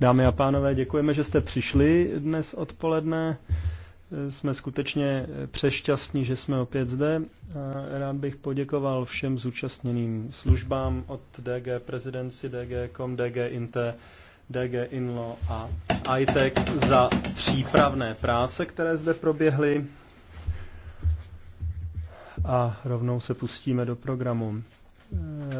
Dámy a pánové, děkujeme, že jste přišli dnes odpoledne. Jsme skutečně přešťastní, že jsme opět zde. Rád bych poděkoval všem zúčastněným službám od DG Presidency, DG.com, DG Inte, DG Inlo a ITEC za přípravné práce, které zde proběhly. A rovnou se pustíme do programu.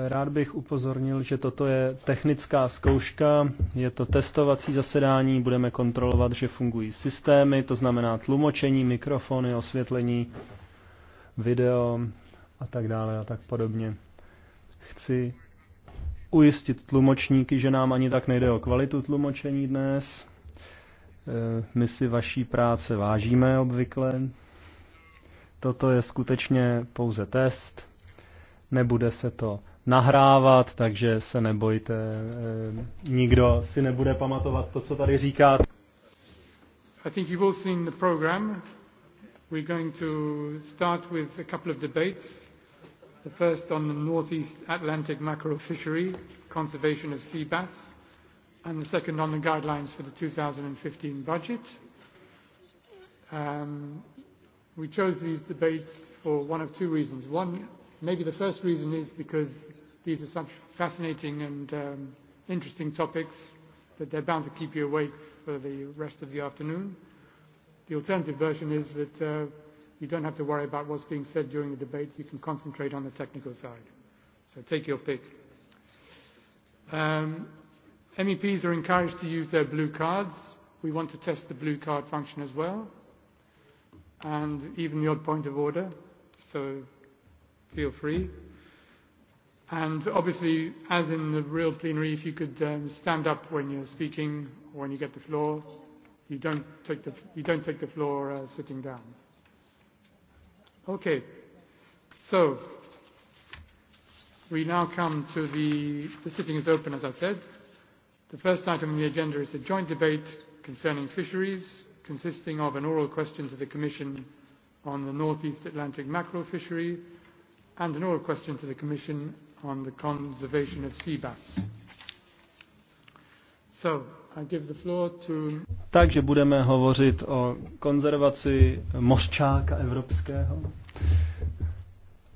Rád bych upozornil, že toto je technická zkouška, je to testovací zasedání, budeme kontrolovat, že fungují systémy, to znamená tlumočení, mikrofony, osvětlení, video a tak dále a tak podobně. Chci ujistit tlumočníky, že nám ani tak nejde o kvalitu tlumočení dnes. E, my si vaší práce vážíme obvykle. Toto je skutečně pouze test nebude se to nahrávat, takže se nebojte, eh, nikdo si nebude pamatovat to, co tady říkáte. I think you've all seen the program. We're going to start with a couple of debates. The first on the northeast Atlantic mackerel fishery, conservation of sea bass, and the second on the guidelines for the 2015 budget. Um, we chose these debates for one of two reasons. One, maybe the first reason is because These are such fascinating and um, interesting topics that they're bound to keep you awake for the rest of the afternoon. The alternative version is that uh, you don't have to worry about what's being said during the debate. You can concentrate on the technical side. So take your pick. Um, MEPs are encouraged to use their blue cards. We want to test the blue card function as well, and even the odd point of order, so feel free. And obviously, as in the real plenary, if you could um, stand up when you're speaking or when you get the floor, you don't take the, you don't take the floor uh, sitting down. Okay. So, we now come to the, the sitting is open, as I said. The first item on the agenda is a joint debate concerning fisheries, consisting of an oral question to the Commission on the Northeast Atlantic mackerel fishery and an oral question to the Commission on the conservation of sea bass. So, I give the floor to... Takže budeme hovořit o konzervaci mořčáka evropského.